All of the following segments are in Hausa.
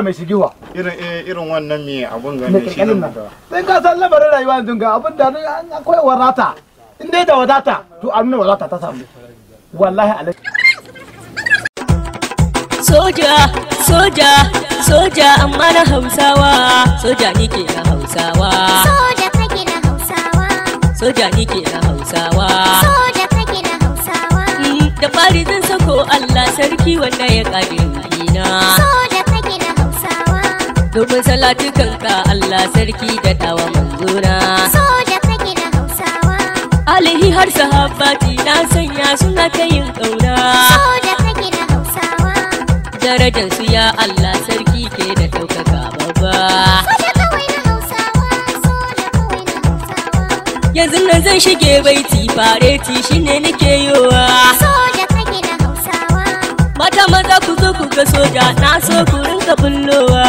da mai shigewa irin eh, irin wannan me abun ga shi ne. sai ka san labarin rayuwa yanzu ga abun da akwai warata in dai da wadata to a nuna wadata ta samu wallahi alai soja soja soja amma na hausawa soja ni ke na hausawa soja kake na hausawa soja ni ke na hausawa soja kake na hausawa mm, da fari zan sako Allah sarki wanda ya kare na soja dubin salatukan ka Allah sarki da dawa manzura so da kake da hausawa alihi har sahabbati na sanya suna ta yin ƙauna. so da kake da hausawa darajar su ya Allah sarki ke da ɗaukaka babba yanzu nan zan shige baiti fareti shine nake yowa soja take da hausawa mata maza ku zo ku ga soja na so ku rinka bullowa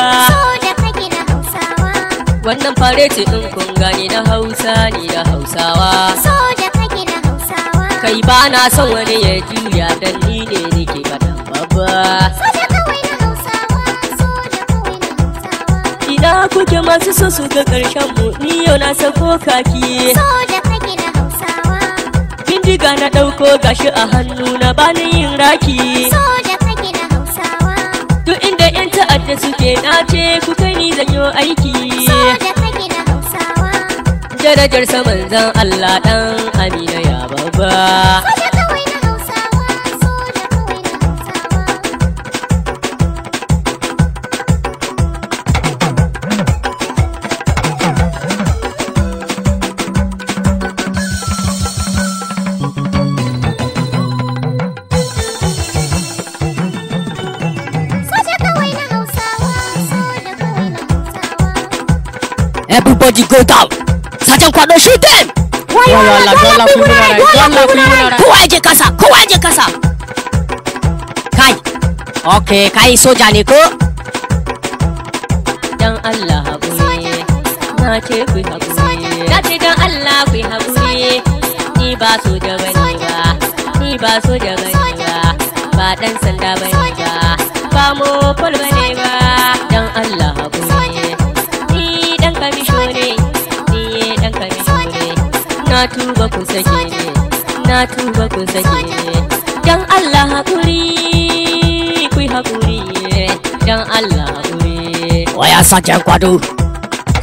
Wannan fareti in kun gani na Hausa ni na Hausawa. So da kake na Hausawa. Kai ba na son wani ya juya dan ni ne nake kadan baba So da kawai na Hausawa, so da kawai na Hausawa. Ina kuke masu so su ga karshen mu ni yau na sako kaki. So da kake na Hausawa. Bindiga na dauko gashi a hannu na bani yin raki. So da kake na Hausawa. Duk inda 'yan ta'adda suke na ce ku kai ni zanyo aiki. darajar saman zan Allah dan Amina ya babba. Everybody go down! sacan kwado shooting wayo Allah dole ku muna rai dole ku muna rai kowa je kasa kowa je kasa kai okay kai soja ne ko dan Allah haƙuri na ce ku haƙuri na ce dan Allah ku haƙuri ni ba soja bane ba ni ba soja bane ba ba dan sanda bane ba ba mu fol na tuba ku sake ne na tuba ku sake ne dan Allah hakuri ku hakuri dan Allah hakuri waya sajan kwado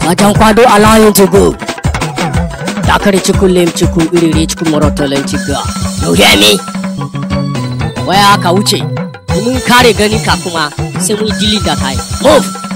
sajan kwado yin jigo Dakari ciku lem ciku irire ciku morotolen ciga me waya ka wuce mun kare gani ka kuma sai mun jili da kai move